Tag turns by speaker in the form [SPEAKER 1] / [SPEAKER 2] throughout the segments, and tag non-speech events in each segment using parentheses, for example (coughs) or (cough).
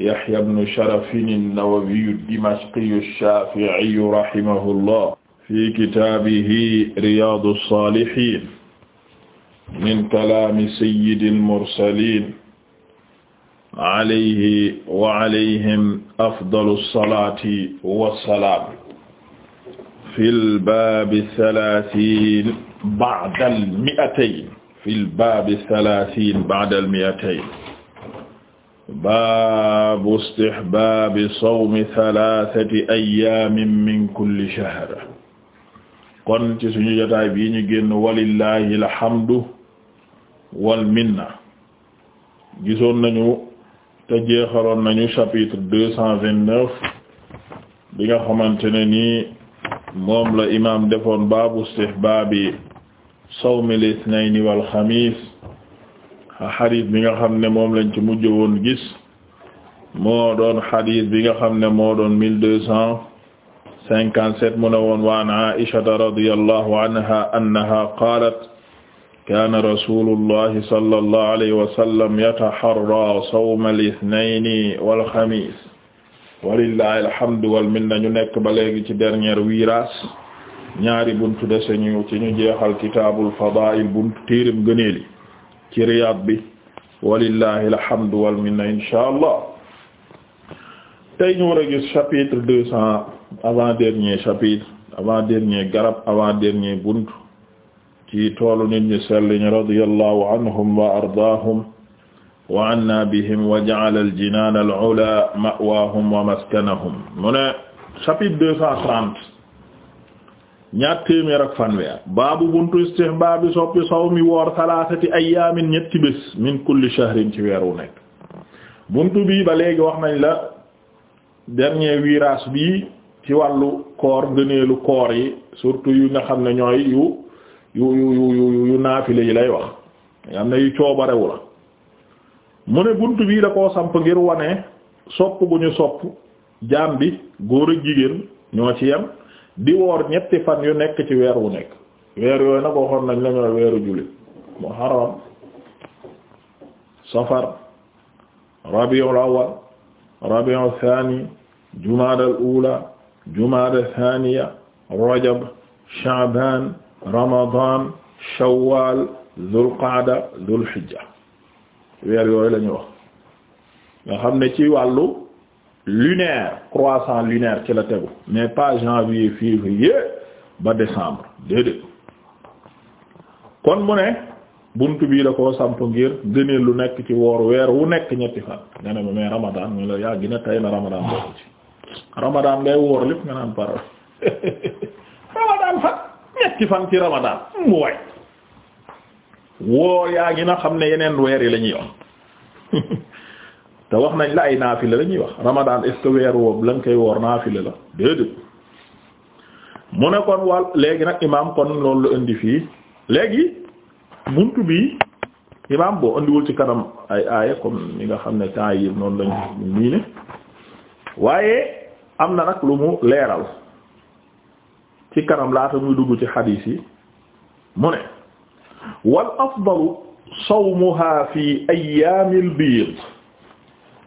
[SPEAKER 1] Yahya ibn Sharaf an-Nawawi ad-Dimashqi ash-Shafi'i rahimahullah fi kitaabihi Riyaadu as-Saalihiin min kalaami sayyidil mursaliin alayhi wa alayhim afdalu as-salaati was-salaam fil baabi salaasiin ba'dal mi'atayn fil baabi salaasiin ba'dal mi'atayn baabu istihbaabi sawmi thalathati ayaamin min kulli shahr kon ci suñu jotaay bii ñu génn walillahi alhamdu wal minna gisoon nañu te jeexaloon nañu chapitre deux cent vingt-neuf bi nga xamante ne nii moom la imaam defoon baabu istihbaabi sawmi al ithnayni xadis bi nga xam ne moom lañ ci mujj woon gis moo doon xadis bi nga xam ne moo doon mille deux cent cinquante-sept mu ne woon wa an aishata radiyallahu anha annaha qaalat kaana rasulullahi sallallahu alayhi wa sallam yataharra sawma al-ithnayni wal-xamiis walillahi alhamdu wal minna ñu nekk ba léegi ci dernière virage ñaari buntu dese ñu ci ñu jeexal kitaabul fadaa'il buntu téeram gëneeli ci Riyad bi walillahi alhamdu wal minna insha allah tey ñu war a gis chapitre deux cent avant dernier chapitre avant dernier garab avant dernier bunt ci toolu nit ñu sell ñi radiyallahu anhum wa ardaahum wa anna bihim wa ja'ala al-jinaan al-'ulaa ma'waahum wa maskanahum mu ne chapitre deux cent trente ñaar téeméer ak fanweer baabu buntu istihbaabi soppi sawmi woor salaasati ayaamin ñetti bés min kulli shahrin ci weer nekk buntu bii ba léegi wax nañ la dernier virage bii ci wàllu koor gëneelu koor yi surtout yi nga xam ne ñooy yu yu yu yu naafile yi lay wax nga am ne yu coobarewu la mu ne buntu bii da koo samp ngir wane sopp bu ñu sopp jaam bi góor ak jigéen ñoo ci yem di woor ñetti fan yu nekk ci weer wu nekk weer yooyu nag waxoon nañ la ñooy weeru jullit muharram safar rabiul awal rabiul thani jumaada al ula jumaada thaniya rajab sha'ban ramadan shawwal dhul qa'da dhul hijja weer yooyu la ñu wax nga xam ne ci wàllu lunaire croissant lunaire ci la tegu mais pas janvier février ba décembre déedéet kon mu ne bunt bii la koo samp ngir gënee lu nekk ci woor weer wu nekk ñetti fan nga ne ma mais ramadan mu la yaa gina tay na ramadan bokk ci ramadan ngay woor lépp nga naan parole (laughs) ramadan fan ñetti fan ci ramadan mu way woor yaa gina xam ne yeneen weer yi la ñuy (laughs) te wax nañ la ay naafila la ñuy wax ramadan est ce que weer woobu lañ koy woor naafila la déedéet mu ne kon wàll léegi nag imaam kon loolu la indi fii léegi buntu bi imaam boo indiwul ci kanam ay aaya comme ni nga xam ne temps yi noonu lañ ne waaye am na nag lu mu leeral ci kanam laata muy dugg ci xadiis yi mu ne wal afdalu sawmuha fi ayyaamil biid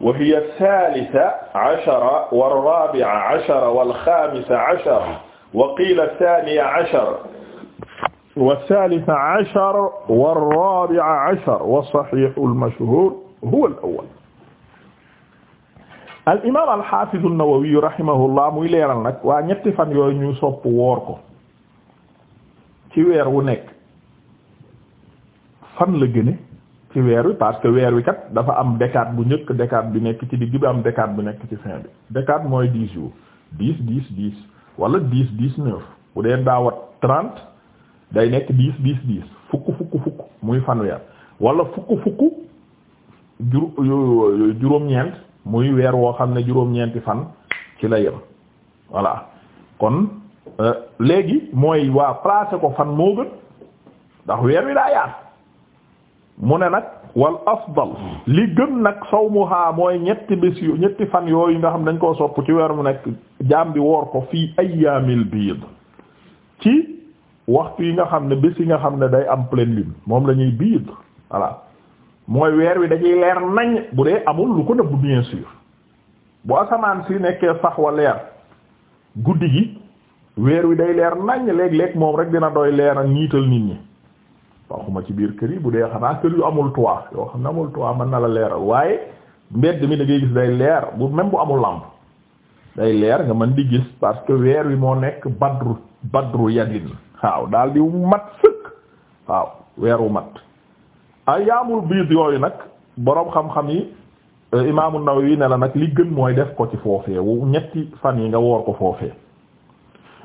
[SPEAKER 1] wa hiya ath-thalitha ashara war-rabi'a ashara wal-khamisa ashara wa qila ath-thaniya ashara wath-thalitha ashara war-rabi'a ashara was-sahihu al-mashhur huwa al-awwal al-imam al-hafiz an-Nawawi rahimahullah muy leeral nag waa ñetti fan yooyu ñu sopp woor ko ci weer wu nekk fan la gëne ci weer wi parce que weer wi kat dafa am décade bu njëkk décade bi nekk ci digg bi am décade bu nekk ci fin bi décade mooy dix jours dix dix dix walla dix dix neuf bu dee daawat trente day nekk dix dix dix fukk fukk fukk muy fanweer wala fukk fukk jur juróom-ñeent muy weer woo xam ne juróom-ñeenti fan ci la yem voilà kon euh, léegi mooy waa placé ko fan moo gën ndax weer wi daa yaat mu ne nag wal afdal li gën nag sawmuha mooy ñetti bés yu ñetti fan yooyu nga xam dañ koo soppu ci weer mu nekk jaam bi woor ko fii ayyaamil biid ci waxtu yi nga xam ne bés yi nga xam ne day am pleine lune moom lañuy ñuy biid voilà mooy weer wi dañuy leer nañ bu dee amul lu ko nëbb bien sûr bu asamaan si nekkee sax wa leer guddi gi weer wi day leer nañ léeg-léeg moom rek dina doy leer ak ñiital nit ñi waxuma ci biir kër yi bu dee xanaa kër yu amul toit yoo xam ne amul tois man na la leeral waaye mbedd mi da ngay gis day leer bu même bu amul lampe day leer nga man di gis parce que weer wi moo nekk badru badru yadin waaw daal di mat sëkk waaw weer wu mat ayaamul biid yooyu nag boroom xam-xam yi euh, imaamu yi ne la nag li gën mooy def ko ci foofee wu ñetti fan yi nga woor ko foofee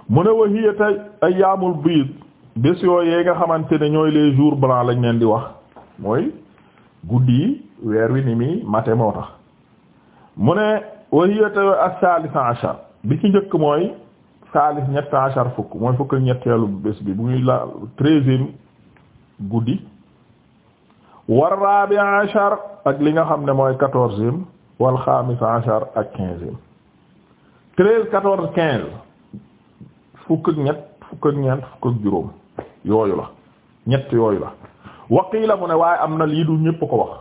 [SPEAKER 1] mu ne wa hiya tey ayaamul biid bés yooyee nga xamante ne ñooy les jours blancs lañ leen di wax mooy guddi yi weer wi ni muy mate moo tax mu ne wahiyata as-salis ashar bi ci njëkk mooy salis ñett ashar fukk mooy fukk ñetteelu bés bi bu muy la treizième guddi war rabi ashar ak li nga xam ne mooy quatorzième wal xaamis ashar ak quinzième treize quatorze quinze fukk ak ñett fukk ak ñeent fukk ak juróom yooyu la ñett yooyu la waqiila mu ne waaye am na lii du ñépp ko wax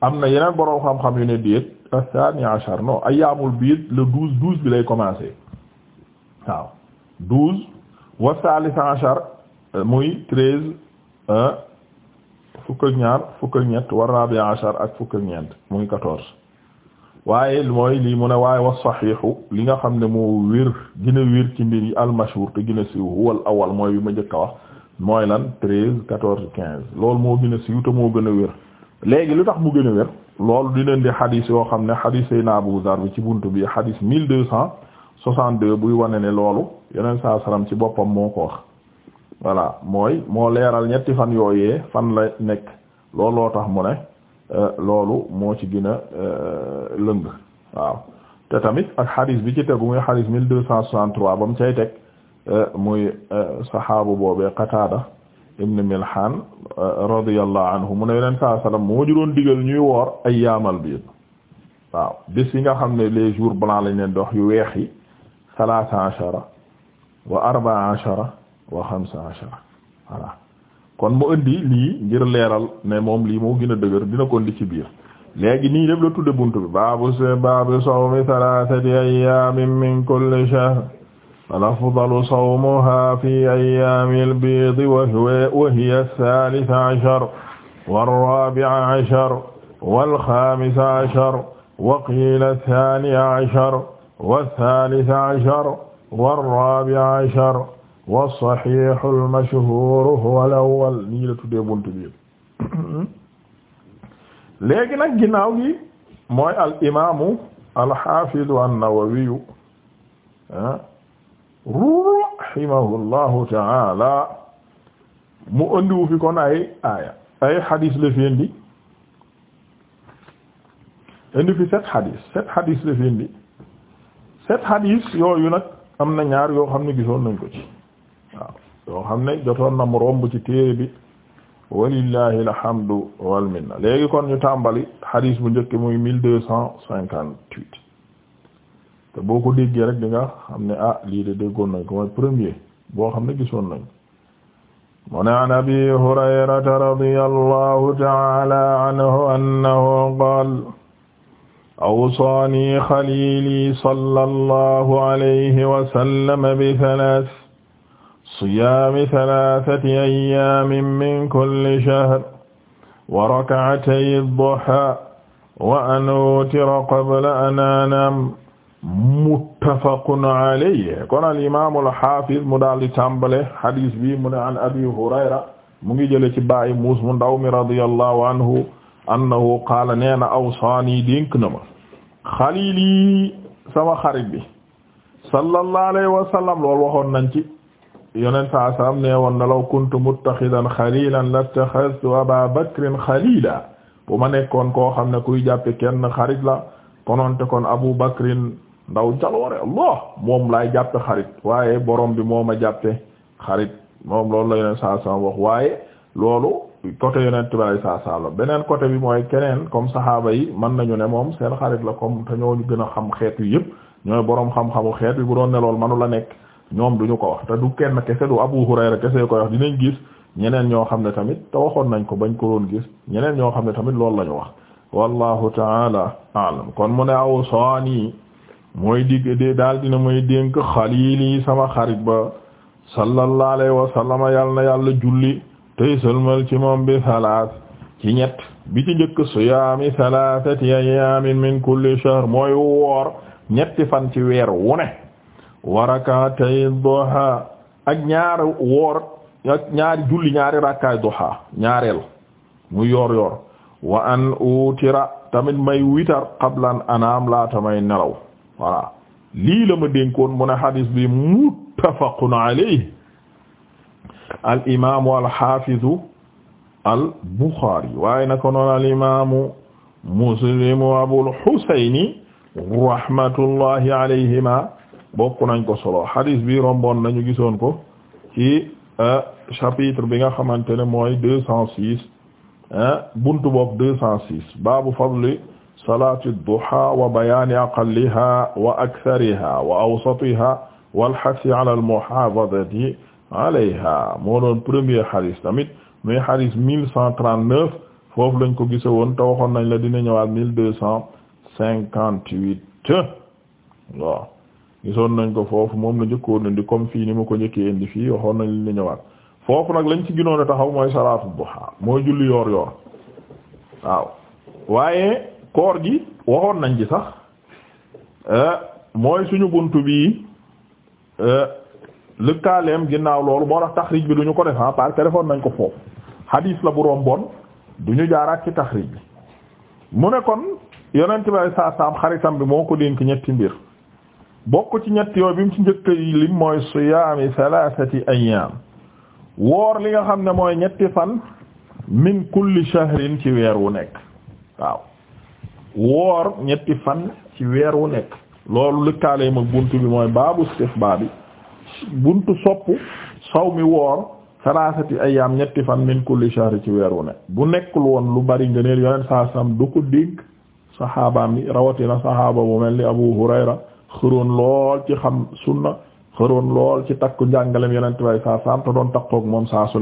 [SPEAKER 1] am na yeneen boroom xam-xam yu ne déet athani ashar non ayyaamul biid le douze douze bi lay commencé waaw douze wa thalith ashar muy treize fukk ñaar fukk ak ñett wa rabi ashar ak fukk ak ñeent muy quatorze waaye mooy lii mu ne waaye wa saxiixu li nga xam ne moo wér gën a wér ci mbir yi almashhur te gën a siiw huwal awal mooy bi ma njëkk a wax mooy lan treize quatorze quinze loolu moo gën a siiw te moo gën a wér léegi lu tax mu gën wér loolu di leen di xadis yoo xam ne xadis sayna Abu Zar bi ci buntu bi xadis mille deux cent soixante deux buy wane ne loolu yeneen saa salam ci boppam moo ko wax voilà mooy moo leeral ñetti fan yooyee fan la nekk looloo tax mu ne Euh, loolu moo ci gina a euh, lëng waaw te tamit ak xadis bi ci tegu muy xadis mille deux cent soixante ba mu cay teg euh, muy saxaabu boobee Qataada ibn Milhan radiyallahu anhu mu ne yeneen saa sallam moo ñu doon digal ñuy woor ay yaamal biir waaw bis yi nga xam ne les jours blancs lañ leen doox yu weex yi salaasa ashara wa arbaa ashara wa xamsa ashara kon mu indi lii ngir leeral ne moom lii moo gën a dëgër dina ko indi ci biir léegi nii lépp la tudde buntu bi baabu se baabu sawmi thalathati ayyamin min kulli shahr wal afdalu sawmuha fi ayyamil biid wa hiya ath-thalitha ashar war-rabi'a ashar wal-khamisa ashar wa qila ath-thaniya ashar wath-thalitha ashar war-rabi'a ashar wa saxiixu almashhuuru huwa al-awwal nii la tuddee buntu bi léegi nag ginnaaw gi mooy al imaamu alxaafidu an-Nawawiyu ah, rahimahullahu taala mu andiwu fi kon ay aaya ay xadis la fi indi indi fi sept xadis sept xadis la fi indi sept xadis yooyu nag am na ñaar yoo xam ne gisoon nañ ko ci yoo xam ne jotoon na mu romb ci téere bi walillahi alhamdu minna léegi kon ñu tàmbali hadis bu njëkk muy mille deux cent cinquante huit te boo ko déggee rek di nga xam ne ah lii de déggoon nañ ko mooy premier boo xam ne gisoon nañ an abi hurayrata radiyallahu ta'ala anhu annahu qaala awsaani xaliili sallallahu alayhi wa sallam bi thalath siyaami talaatati ayyaamin min kulli shahr wa rak'atay ad-duhaa wa an utira qabla an anam muttafaqun alayhi kon al imaam al haafiz mu daal di tàmbale hadis bi mu ne an abi hurayra mu ngi jële ci bàyyi muus mu ndaw mi radiyallahu anhu annahu qaala nee na awsaani dénk na ma xaliili sama xarit bi sallallahu alayhi wa sallam loolu waxoon nañ ci yonent saa salaam nee woon na law kuntu muttaxidan xalilan lattaxastu aba bakrin xalila bu ma nekkoon koo xam ne kuy jàppe kenn xarit la kononte kon abu bakrin ndaw jaloore allah moom laay jàppe xarit waaye borom bi moo ma jàppe xarit moom loolu la yonent saa salaam wax waaye loolu côté yonent balay saa salaam beneen côté bi mooy keneen comme saxaaba yi mën nañu ne moom seen xarit la comme te ñooñu gën a xam xeet yi yëpp ñooy borom xam-xamu xeet bi bu doon ne loolu manu la nekk ñoom duñu ko wax te du kenn kese du Abu Hurayra kese koy wax dinañ gis ñeneen ñoo xam ne tamit te waxoon nañ ko bañ ko doon gis ñeneen ñoo xam ne tamit loolu la ñu wax wallahu taala aalam kon mu ne aw soani mooy digg daal dina mooy dénk xaliili sama xarit ba sallallahu alayhi wa sallama yàlla na yàlla julli tey sëlmal ci moom bi salaat ci ñett bi ci njëkk siyaami salatati ayaamin min kulli shahr mooy woor ñetti fan ci weer wu ne wa rak'atay duha ak ñaar woor ak ñaari julli ñaari rakkaay duha ñaareel mu yor yor wa an utira tamit may witar qabla anaam laata may nelaw lii la ma dénkoon mu ne hadis bi muttafaqun alayhi al imaamu al xaafizu al buxaari waaye naka noonu al imaamu muslimu bokk nañ ko solo hadis bi romboon nañu gisoon ko ci euh, chapitre bi nga xamante ne mooy deux cent six buntu bopp deux cent six baabu fadli salaati duha wa bayaani aqalliha wa akthariha wa awsatiha walhassi ala almuhafadati alayha moo doon premier hadis tamit muy hadis mille cent trente neuf foofu lañ ko gise woon te nañ la dina ñëwaat mille deux cent cinquante huit waaw gisoon nañ ko foofu moom la njëkkoon indi comme fii ni ma ko njëkkee indi fii waxoon nañ li ñëwaat foofu nag lañ ci ginoon a taxaw mooy salaatu duha mooy julli yoor yoor waaw waaye koor gi waxoon nañ ci sax eh, mooy suñu buntu bii eh, lëkkaaleem ginnaaw loolu moo tax taxriij bi duñu ko def ah par nañ ko foofu hadis la bu bon duñu jaaraat ci taxriij bi mu ne kon yonent bi saam xaritam bi moo ko dénk ñetti mbir bokk ci ñetti yooyu bi mu ci njëkk yi lim mooy siyaami thalathati ayyam woor li nga xam ne mooy ñetti fan min kulli shahrin ci weer wu nekk waaw woor ñetti fan ci weer wu nekk loolu lëkkaale mag buntu bi mooy baabu istihbaabi buntu sopp saw mi woor thalathati ayyam ñetti fan min kulli shahri ci weer wu nekk bu nekkul woon lu bari ngëneel yoneen saa sam du ko dénk saxaabaam yi rawatina saxaaba bu mel ni Abu Hurayra xëroon lool ci xam sunna xëroon lool ci takku njàngalem yonent way saa saam te doon takkook moom saa su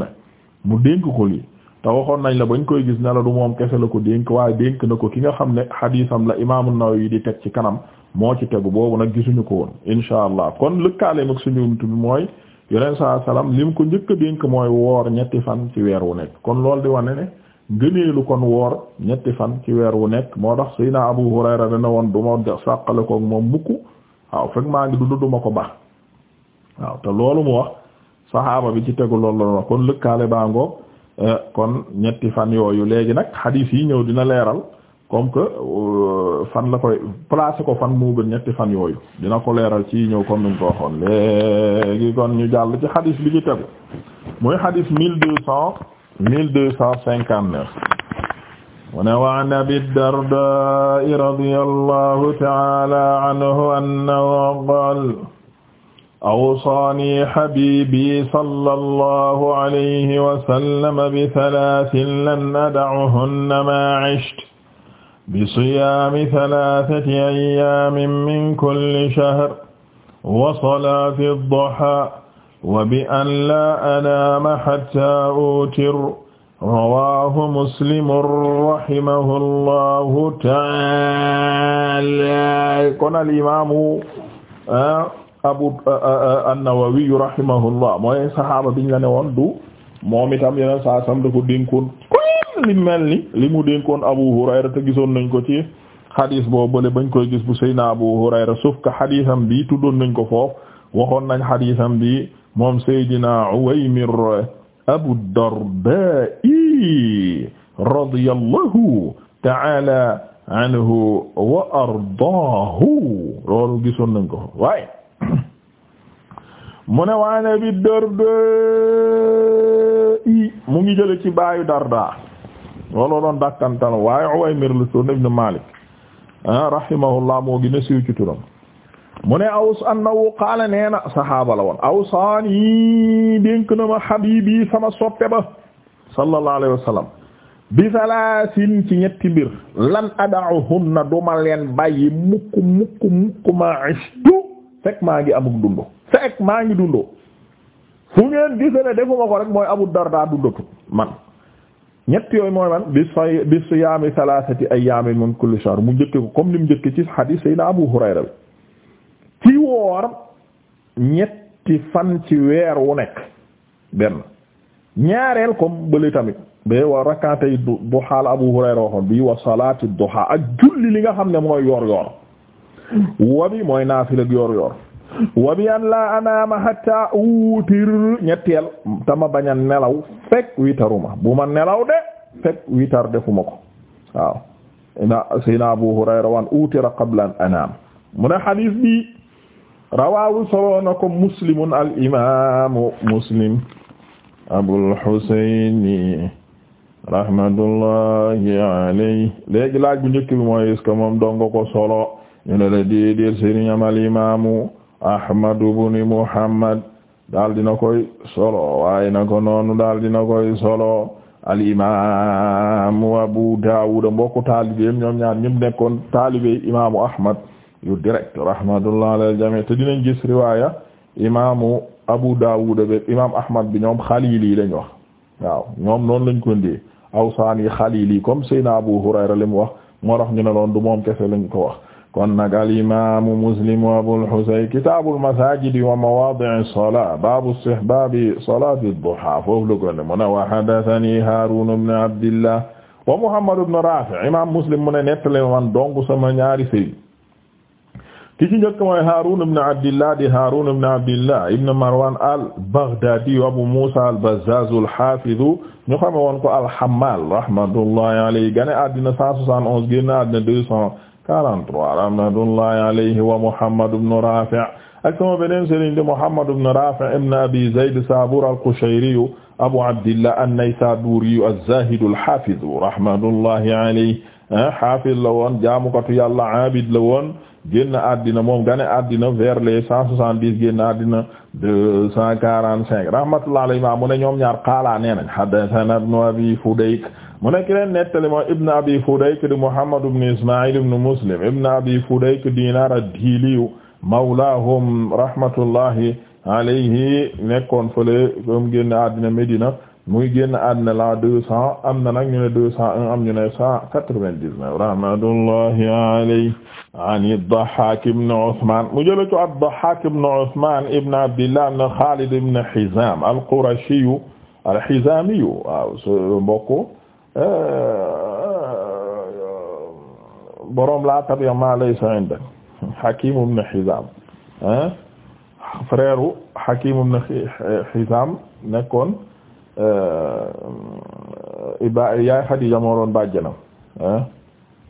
[SPEAKER 1] mu dénk ko lii te waxoon nañ la bañ koy gis ne la du moom kese la ko dénk waaye dénk na ko ki nga xam ne xadiisam la imaamu Nawawi di teg ci kanam moo ci tegu boobu nag gisuñu ko woon insha allah kon lëkkaaleem ak suñu mi mooy yonent saa salaam lim ko njëkk a dénk mooy woor ñetti fan ci weer wu nekk kon loolu di wane ne gëneelu kon woor ñetti fan ci weer wu nekk moo tax Seydina Abu Hurayra dana woon du ma sàqale koog moom mukk waaw fekk maa ngi du duma ko baax waaw te loolu mu wax saxaaba bi ci tegu loolu la wax kon lëkkaale baa ngoog eh, kon ñetti fan yooyu léegi nag xadiis yi ñëw dina leeral comme que euh, fan la koy placer ko fan mu gën ñetti fan yooyu dina ko leeral ci ñëw comme ni mu ko waxoon léegi kon ñu jàll ci xadiis bi ci tegu muy xadiis mille deux cent mille deux cent cinquante neuf mu ne wa an abi dardaa'i radiyallahu ta'ala anhu annahu qaala awsaanii habiibii sallallahu alayhi wa sallam bi talaatin lan ada'uhunna maa 'ishtu bi siyaami talaatati ayyaamin min kulli shahr wa salaati ad-duhaa wa bi an laa anaama hattaa uutira rawaahu muslimun rahimahullahu taala kon al abu an-Nawawi rahimahullah mooy saxaaba biñ la ne woon du moom itam yeneen saa sam da mel ni limu mu dénkoon Abu Hurayra te nañ ko ci xadiis bo bële bañ koy gis bu Seydina Abu Hurayra sauf que bi tuddoon nañ ko foofu waxoon nañ bi moom Seydina Uwaymir Abu Darda'i radiyallahu ta'ala anhu wa ardaahu loolu gisoon nañ ko waaye mu ne waan Abi Darda'i mu ngi jële ci baayu Darda looloo doon dakkantal waaye Uwaymir la Ibn Malik ah, rahimahullah moo gën a siiw ci turam mu ne aws annahu qaala nee na sahaaba la woon ma habibi sama soppe ba sallallahu alayhi wa sallam bi salaasin ci ñetti mbir lan ada'uhunna duma leen bàyyi mukk mukk mukk ma ishtu fekk maa ngi amuk dundo fekk maa ngi dundo fu ngeen gisale defuma ko rek mooy abu darda dundatu man ñett yooyu mooy man bi bi siyaami thalathati ayyamin min kulli shahr mu njëkke ko comme ni mu njëkke ci hadith sayna abu hurayra bi ci woor ñetti fan ci weer wu nekk benn ñaareel comme bële tamit bee war rakkaatay duxaal Abu Hurayra waxoon bii wa salaati duxaa ak julli li nga xam ne mooy yoor yoor wabi mooy naafil ak yoor yoor wabi an laa anaama hatta wuutir ñetteel tama bañ a nelaw fekk witaruma bu ma nelaw de fekk witar defuma ko waaw ina sayna Abu Hurayra wan utira qabla anaam mu ne xadiis bi rawaahu solo na ko muslimun al imaamu muslim abul husayni rahmatullahi alayhi léegi laaj bu njëkk bi mooy est moom donga ko solo ñu ne la déedéet sëriñam al imaamu ahmad ibn muhammad daal dina na ko noonu daal dina koy solo al imaamu abu daawud mbokku taalibeem ñoom ñaar ñëpp nekkoon taalibe imaamu ahmad yu direct rahmatullah ala aljami te dinañ gis riwaya imaamu Abu Dawud be imam Ahmad bi ñoom xalili lañ wax waaw ñoom noonu lañ ko ndee awsaani xalili comme sayna Abu Hurayra li mu wax moo tax ñu ne loon du moom kese lañ ko wax kon nag al imamu Muslim wa Abul Husayn kitaabul masaajidi wa mawaadi'i salaa baabu istihbaabi salaati duhaa foofu la ko ne mu ne wa haddathanii Haaruun ibn Abdillah wa Muhammad ibn Raafi' imam Muslim mu ne nettale man dong sama ñaari sëy ki ci njëkk mooy Haarun ibn Abdillah di Haarun ibn Abdillah ibn Marwan al-Baghdadi Abu Musa al-Bazzaz al-Hafiz ñu xame woon ko al-Hammal rahmatullahi alayhi gane àddina 171 génn àddina 243 rahmatullahi alayhi wa Muhammad ibn Rafi' ak sama beneen sëriñ di Muhammad ibn Rafi' ibn Abi Zayd Sabur al-Qushayri Abu Abdillah an-Naysaburi az-Zahid al-Hafiz rahmatullahi alayhi hafiz la woon jaamukatu Yàlla abid la woon génn àddina moom gane àddina vers les cent soixante dix génn àddina deux cent quarante cinq rahmatullah alayhi ma mu ne ñoom ñaar qaala nee nañ abi fudayk mu ne ki leen nettali moo ibn abi fudayk di muhammad ibn isma'il ibn muslim ibn abi fudayk dinar ad-dili rahmatullahi alayhi nekkoon fële moom génn medina muy génn àddina la deux cent am na nag ñu ne deux cent un am ñu ne cent quatre-vingt-dix-neuf rahmatullahi alayhi an ad-Dahhak ibn Uthman mu jële ci ad-Dahhak ibn Uthman ibn Abdillah ibn Khalid ibn Hizam al-Qurashi al-Hizami waaw su mbokku euh, euh, borom la tabi' ma laysa indak Hakim ibn Hizam frère Hakim ibn Hizam nekkoon Euh, Iba yaay Xadiija moo doon bàjjanam ah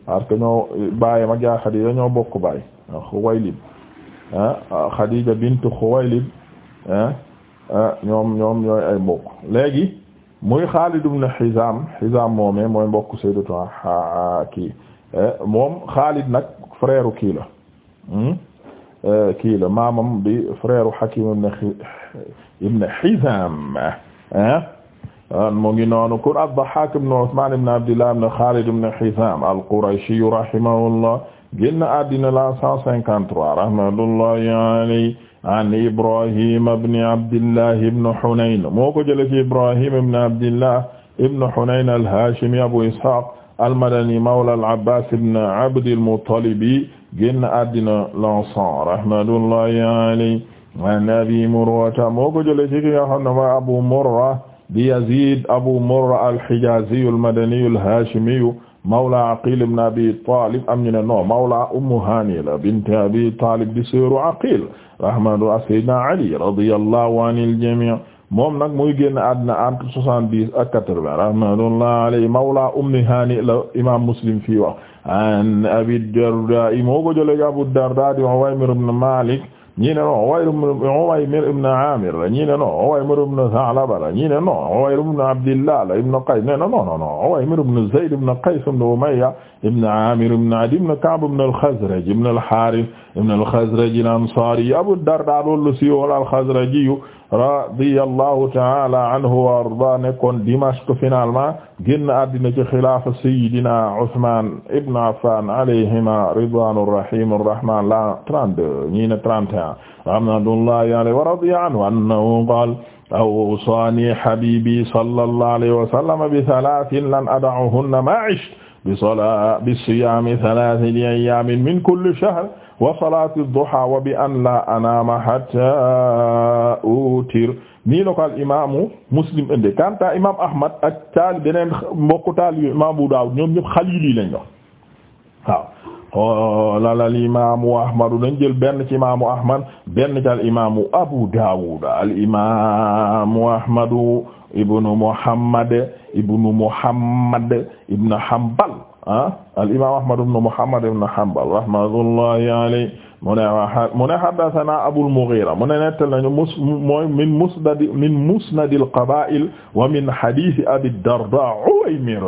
[SPEAKER 1] parce que yaay Xadiija ñoo bokk baay Xuwaylid ah Xadiija bint Xuwaylid ah ñoom ñoom ñooy ay mbokk léegi muy Xaalid ibn Hizaam Hizaam bokk mooy mbokk Sayyidatu kii eh, moom Xaalid nag frère kii la hmm? eh, kii la maamam bi frère Hakiim ibn Hizaam ah. an mu ngi noonu kon ad-Dahhaak ibn Usmaan ibn Abdillah ibn Xaalid ibn Hisaam al-Qurashi rahimahullah génn àddina la 153 rahmatullahi alayhi an Ibrahim ibn Abdillah ibn Hunayn moo ko jëlee ci Ibrahim ibn Abdillah ibn Hunayn al-Haashimi Abu Ishaaq al-Madani mawla al-Abbaas ibn Abdil Muttalib génn àddina la 100 rahmatullahi alayhi an Abi Murra moo ko jëlee ci ki nga xam ne mooy Abu Murra di Yazid Abu Murra al-Hijaziyu al-Madaniyu al-Hashimiyu mawla Aqil ibn Abi Talib am ñu ne non mawla Ummu Hani la bint Abi Talib di seeru Aqil rahmatullahi Sayyidina Ali radiyallahu anil jami' moom nag muy génn àddina entre soixante-dix ak quatre-vingts rahmatullahi alayhi mawla Ummi Hani la imaam Muslim fii wax an Abi Darda moo ko jëlee Abu Darda di Uwaymir ibn Malik ñii ne non Uwaymir ibn Amir la ñii ne non Uwaymir ibn Sa'laba la ñii ne non Uwayr ibn Abdillah la ibn Qays ne non non non Uwaymir ibn Zayd ibn Qays ibn Umayya ibn Amir ibn Adi ibn Ka'b ibn al-Khazraj ibn al-Harith ibn al-Khazraji al-Ansari Abu Darda loolu si wala al-Khazraji radiyallahu ta'ala anhu wa arda nekkoon Dimashq finalement génn àddina ci xilaafa sayyidina Usman ibn Affan alayhima ridwanu rahim rahman la 32 ñi ne 31 rahmatullahi alayhi wa radiya anhu annahu qala awsani habibi sallallahu alayhi wa sallam bi thalathin lan ad'uhunna ma 'ishtu bi salati bi siyami thalathati ayyamin min kulli shahr wa salaati duha wa bi an la anaama hatta utir nii la ko al imaamu muslim indi kanta imaam ahmad ak taal beneen mbokku taal yu imaam bu daaw ñoom ñëpp xaliili lañ doon waaw xoolal al imaamu ahmadu dañ jël benn ci imaamu ahmad benn ci al imaamu abu daawud al imaamu ahmadu ibnu muhammad ibnu muhammad ibnu hambal ah al imaam Ahmad ibn Muhammad ibn Hanbal rahmatullahi alayhi mu ne mu ne haddathana Abul Mughira mu ne nettal nañu mus mooy min musnad min musnad al-qabaa'il wa min hadith Abi Darda Uwaymir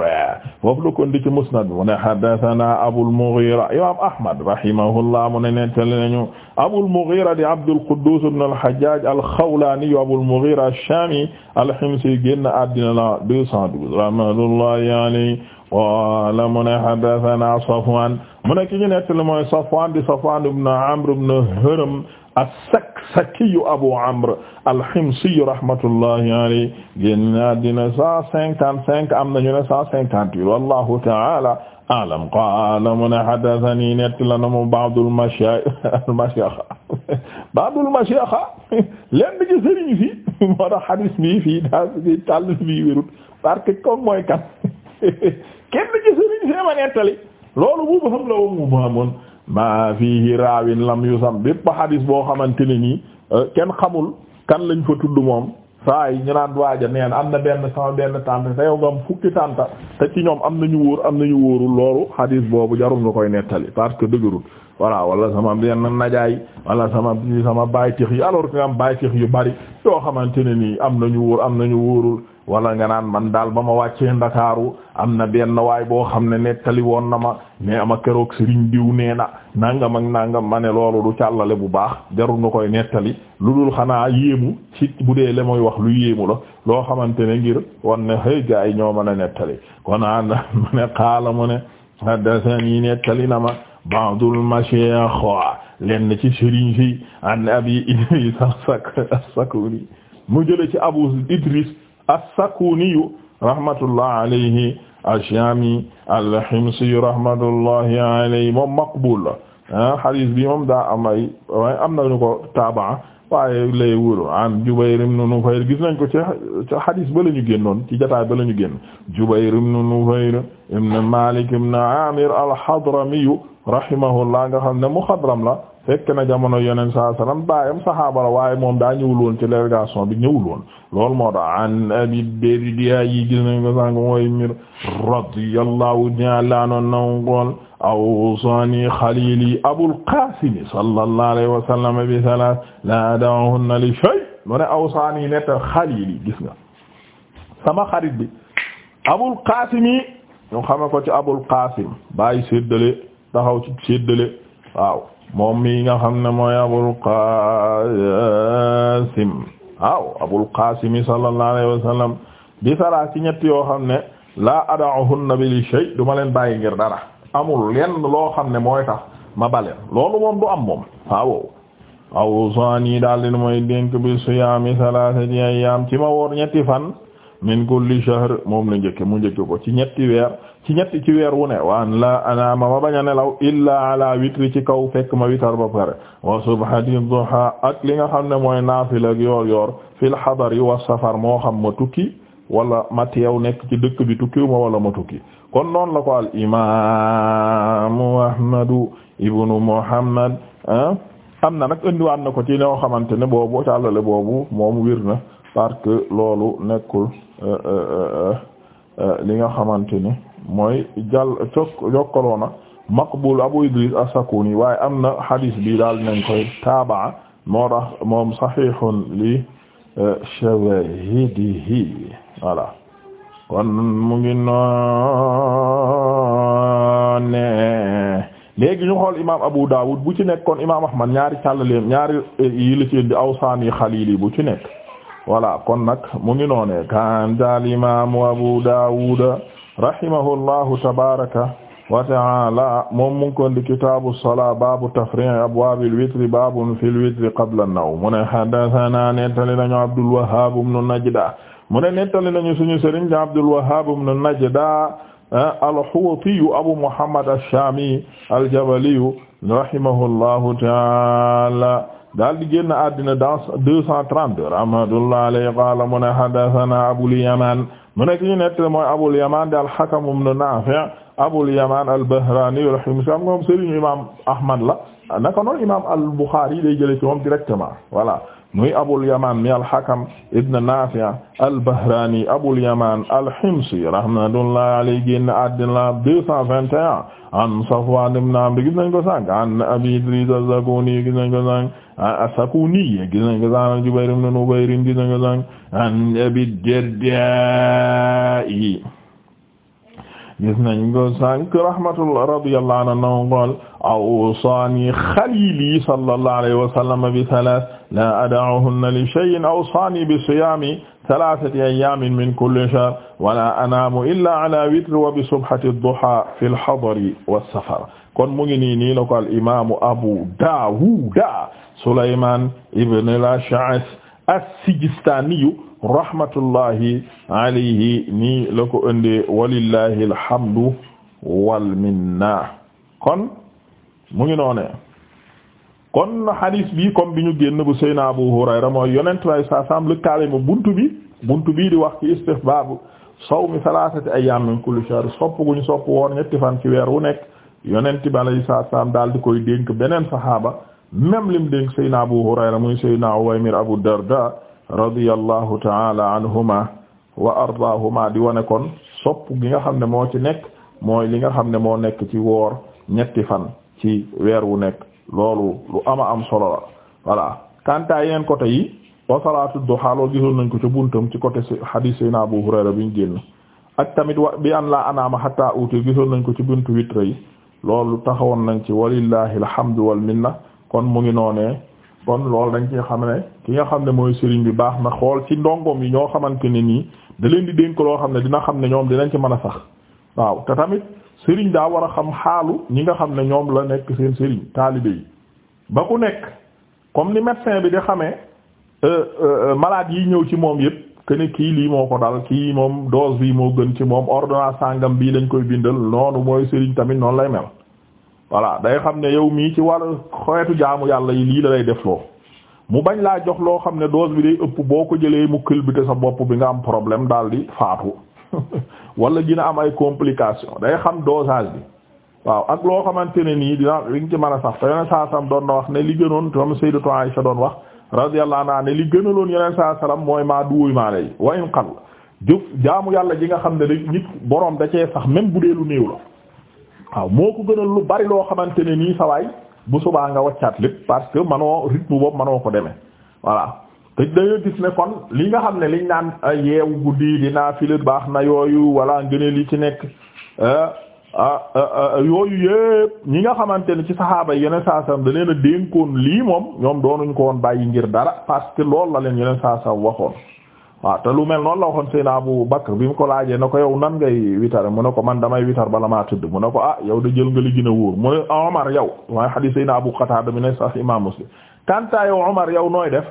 [SPEAKER 1] foofu la ko indi ci musnad mu ne haddathana Abul Mughira imaam Ahmad rahimahullah mu ne nettal nañu Abul Mughira di Abdul Quddus ibn al-Hajjaj al-Khawlani Abul Mughira ash-Shami al-Himsi génn àddina la 212 rahmatullahi alayhi qaala mu ne haddathana Safwan mu ne ki ñu nettali mooy Safwan di Safwan ibn Amr ibn Hiram as-Saksakiyu Abu Amr al-Himsiyu rahmatullahi alayhi génn àddina cent cinquante cinq am nañu ne cent cinquante huit wallahu ta'ala a'lam qaala mu ne haddathani nettali mu ba'dul mashayikh ba'dul mashayikh leen di ci sëriñ fi moo tax hadis bi fii daa fi tàll bi wérut parce que comme mooy kan kenn ci sëriñ see ma nettali loolu mu ba xam la woon mu maa fiihi raawin lam yusam bépp xadis boo xamante ne nii euh, kenn xamul kan lañ fa tudd moom saa yi ñu naan waaja neen am na benn sama benn tànt te yow fukki tànta te ci ñoom am nañu wóor am nañu wóorul loolu xadis boobu jarul nga koy nettali parce que dëgërul voilà wala sama benn najaay wala sama sama baytix yi alors que nga am baytix yu bari yoo xamante ne nii am nañu wóor am nañu wóorul wala nga naan man daal ba ma wàccee ndakaaru am na benn waay boo xam ne nettali woon na ma ne ama keroog sëriñ diw nee na nangam ak nangam ma ne loolu du càllale bu baax jarul koy nettali lu dul xanaa yéemu ci bu dee le mooy wax lu yéemu la loo xamante ne ngir wan ne xëy gaa yi ñoo mën a nettali kon a ah, (laughs) ma ne xaala mu ne haddasani nettali na ma ba'dul mashayikh lenn ci sëriñ fi an abi idris (laughs) as-sakuni mu jële ci abu idris as-Sakuniyu rahmatullah alayhi ash-Shami al-Himsi rahmatullahi alayhi moom maqbul la ah, hadis bi moom daa am ay am nañu ko taaba waaye lay wóor an Jubayr ibn Nufayr gis nañ ko ci ca hadis ba la ñu génnoon ci jotaay ba la ñu génn Jubayr ibn Nufayr ibn Malik ibn Amir al-Hadrami rahimahullah nga xam ne muxadram la fekk na jamono yeneen saa salaam baayam waaye moom daa ñëwul woon ci délégation bi ñëwul woon lool moo tax an abi Derdiya yi gis nañ ko sànq mooy mir radiyallahu ta'ala anhu qaal awsani xalili Abul Qaasim sallallahu alayhi wa sallam bi salaas laa ad'uhunna li shay' mu ne awsani net gis nga sama xarit bi Abul Qaasim yi ñu ko ci Abul Qaasim bàyyi séddale taxaw ci séddale waaw moom mi nga xam ne mooy Abul Qaasim waaw Abul Qaasim sallallahu alayhi wa sallam di ci ñett yoo xam ne laa ada'uhunna li shay du ma leen bàyyi ngir dara amul lenn loo xam ne mooy tax ma baleen loolu moom du am moom aw saan yi daal di mooy dénk bi siyaami salaasati ayyaam ci ma woor ñetti fan min kulli shahr moom la njëkke mu njëkke ko ci ñetti weer ci ñetti ci weer wu ne waan la anaama ma bañ a nelaw illaa ala witri ci kaw fekk ma witar ba pare wa subhati duha ak li nga xam ne mooy naafila ak yoor yoor fil xadari wa safar moo xam ma tukki wala ma teew nekk ci dëkk bi tukkiw ma wala ma tukki kon noonu la ko al imaamu ahmadu ibnu muhammad ah, am na nag indiwaat na ko ci ñoo xamante ne boobu càllale boobu moom wir na parce que loolu nekkul Euh, euh, euh, li nga xamante ni mooy jàll cok jokkaloona maqbul abu idris as-sakuni waaye am na hadis bii daal nañ koy taaba moo tax moom sahihun li shawahidihi voilà kon mu ngi noone léegi ñu xool imam abu dawud bu ci nekk kon imam ahmad ñaari càllaleem ñaari yi la ci indi awsaani xalili bu ci nekk voilà kon nag mu ngi noone kanta alimamu Abu Dawud rahimahullahu tabaraka wa taala moom mu ngi ko ndi kitabu salaa babu tafri' abwabil witri babun fil witri qabla an-nawm mu ne hadathana nettali nañu Abdul Wahhab ibn Najda mu ne nettali nañu suñu sëriñ di Abdul Wahhab ibn Najda ah, al-Huti Abu Muhammad ash-Shami al-Jabali rahimahullahu taala daal di génn àddina dans deux cent trente rahmatullah alayhi qala mu ne hadathana Abul Yaman mu nekk ñu nett mooy Abul Yaman di al-Hakam ibn Nafi' Abul Yaman al-Bahrani rahimahullah moom sëriñ imam Ahmad la Ah, naka noonu imaam al Bukhari yi day jëlee ci moom directement voilà muy Abul Yaman mi al-Hakam ibn Nafi' al-Bahrani Abul Yaman al-Himsi rahmatullahi alayhi génn àddina 221 an Safwan ibn Amr gis nañ ko sànq an Abi Idris az-Zakuni gis nañ ko sànq as-Sakuni gis nañ ko sànq an Jubayr ibn Nubayr gis nañ ko sànq an Abi Darda gis nañ ko sànq rahmatullah radiyallahu anhu qaal awsaani xaliili sallallahu alayhi wa sallam bi salaas laa ada'uhunna li shay'in awsaani bi siyaami salaasati ayyaamin min kulli shahr wa laa anaamu illaa alaa witr wa bi subhati duhaa fil hadari was safar kon mu ngi nii nii la ko al imaamu Abu Daawuda Sulaymaan ibn al-Ash'ath as-Sijistaaniyu rahmatullahi alayhi nii la ko ëndee walillahi alhamdu wal kon mu ngi noone kon hadis bi comme bi ñu génn bu Seyna Abu Hurayra mooy yonent way sa sam le kaale ma buntu bi di wax ci istihbaabu sawmi thalathati ayyam min kulli shahr gu ñu sopp woor ñetti fan ci weer wu nekk yonent bi alayhi salaam daal di koy dénk beneen sahaaba même lim dénk Seyna Abu Hurayra muy Seyna Uwaymir Abu Darda radiyallahu taala anhuma wa ardaahuma di wane kon sopp gi nga xam ne moo ci nekk mooy li nga xam ne moo nekk ci woor ñetti fan ci weer wu nekk loolu lu ama am solo la voilà kanta yeneen côté yi wa salaatu duha loolu gisoon nañ ko ci buntam ci côté hadis sayna Abu Hurayra biñ génn ak tamit wa bi an la anaama hatta uti gisoon nañ ko ci buntu witre yi loolu taxawoon nañ ci walillahi alhamdu wal minna kon mu ngi noone kon loolu dañ ci xam ne ki nga xam ne mooy sëriñ bi baax na xool ci ndongom yi ñoo xamante ne nii da leen di dénk loo xam ne dina xam ne ñoom dinañ ci mën a sax waaw te tamit sëriñ daa war a xam xaalu ñi nga xam ne ñoom la nekk seen sëriñ taalibe yi ba ku nekk comme ni médecin bi di xamee euh, euh, malade yi ñëw ci moom yépp que kii lii moo ko dal kii moom dose bii moo gën ci moom ordonnance sangam bii lañ koy bindal noonu mooy sëriñ tamit noonu lay mel voilà day xam ne yow mii ci wàllu xeetu jaamu yàlla yi lii la lay defloo mu bañ laa jox loo xam ne dose bi day ëpp boo ko jëlee mu bi culbuté sa bopp bi nga am problème daal di faatu (laughs) wala dina am ay complication day xam dosage bi waaw ak loo xamante ne nii dina liñ ci mën a sax te yeneen saa salaam doon na wax ne li gënoon comme Sayyidatu sa doon wax radiyallahu anha ne li gënaloon yeneen saa salaam mooy maa duuy maa lay wa in qall jëf jaamu yàlla ji nga xam ne da nit boroom da cee sax même bu dee lu néew la waaw moo ko gënal lu bari loo xamante ne nii sa waay bu subaa nga waccaat lépp parce que manoo rythme boobu manoo ko demee waa te danga gis ne kon li nga xam ne liñ naan yeewu guddi dinaa fili baax na yooyu wala ngëneel yi ci nekk ah, ah, ah, yooyu yëpp ñi nga xamante ne ci saxaaba yi yeneen saa sam da leen a dénkoon lii moom ñoom doonuñ ko woon bàyyi ngir dara parce que loolu la leen yeneen saa sam waxoon waaw te lu mel noonu la waxoon Seydina Abu Bakr bi mu ko laajee na ko yow nan ngay witar mu ne ko man damay witar bala maa tëdd mu ne ko ah yow da jël nga li gën a wóor mu ne ah Omar yow waaye xadiis Seydina Abu Qatada bi ne sax Imaam Muslim kanta yow Omar nooy def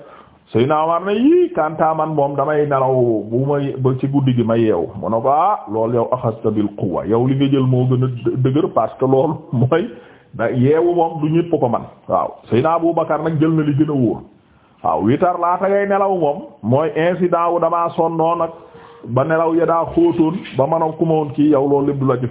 [SPEAKER 1] Seydina Omar ne yii man moom damay nelaw bu may ci guddi gi ma yeew mu ne ko ah yow axasta bil quwwa yow li nga jël moo gën a dëgër parce que loolu (laughs) mooy da yeewu moom du ñëpp ko man waaw Seydina Abu nag jël na li gën a wóor waaw witar laata ngay nelaw moom mooy incident wu damaa sonnoo nag ba nelaw ya daa xóotoon ba mën a kumawoon kii yow loolu lépp la ci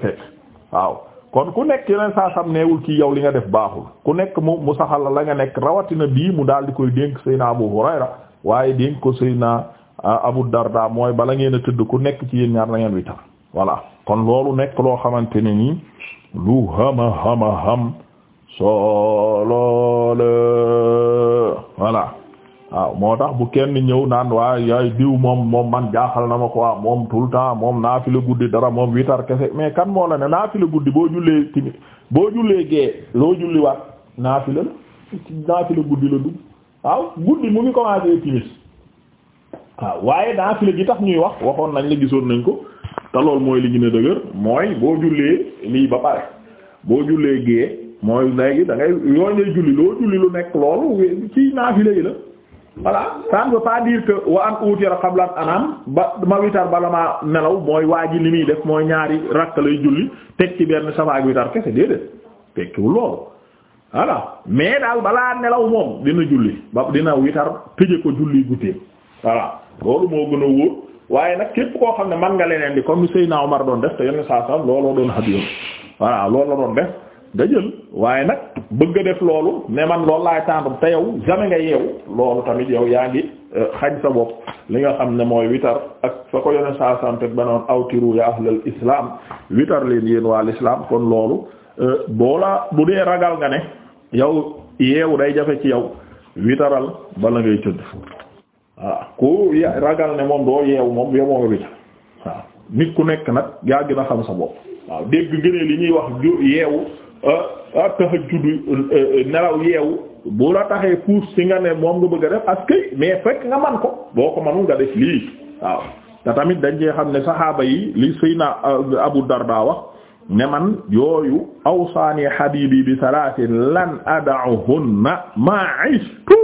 [SPEAKER 1] waaw kon ku nekk yeneen saa xam neewul kii yow li nga def baaxul ku nekk mu mu saxal la la nga nekk rawatina bii mu daal di koy dénk Seyna Abu Hurayra waaye dénk ko Seyna Abu Darda mooy bala ngeen a tëdd ku nekk ci yéen ñaar na ngeen witar voilà kon loolu nekk loo xamante ne nii lu hama hama ham solo voilà waaw moo tax bu kenn ñëw naan waa yaay diw moom moom man jaaxal na ma ko waa moom tout temps moom naa fi la guddi dara moom witar kese mais kan moo la ne naa la guddi boo jullee timi boo jullee gee loo julli waat fi la la naa dugg waaw guddi mu ngi commencé timis waaw waaye naa fi la gi tax ñuy wax waxoon nañ la gisoon nañ ko te loolu mooy li gën a dëgër mooy boo jullee lii ba pare boo jullee gee mooy léegi dangay ngay yooy ngay julli loo julli lu nekk loolu ci naafile yi la voilà ça ne veut pas dire que wa an utira qabla anam ba ma witar bala maa nelaw mooy waa ji li muy def mooy ñaari rakk lay julli teg ci benn safaak witar kese déedéet tekkiwul loolu voilà mais daal balaa nelaw moom dina julli ba dina witar tëje ko julli guddee voilà loolu moo gën a wóor waaye nag képp koo xam ne man nga leneen di comme ni Seydina Omar doon def te yenn saa saa looloo doon xadiyoon voilà loolu la doon def nga jël waaye nag bëgg a def loolu ne man loolu laay tàndum te yow jamais nga yeew loolu tamit yow yaa ngi euh, xañ sa bopp li nga xam ne mooy witar ak fa ko yone saa santeg banoon awtiru ya ahlal islam witar yéen waa l'islam kon loolu euh, boola bu ragal nga ne yow yeewu day jafe ci yow witaral bala ngay tëdd waaw ku ragal moom doo yeewu moom yow moo nga witar waaw nit ku nekk nag yaa gën a xam sa bopp waaw dégg gënee li ñuy wax yeewu ah, ah tahajjudu euh, nelaw yeewu bu la taxee puus ci nga ne moom nga bëgg a def askay mais fekk nga man ko boo ko manul nga def lii waaw te tamit dañ cee xam ne saxaaba yi li sayna euh, Abu Darda wax ne man yooyu awsaani habibi bi salaasin lan ada'uhunna ma ishtu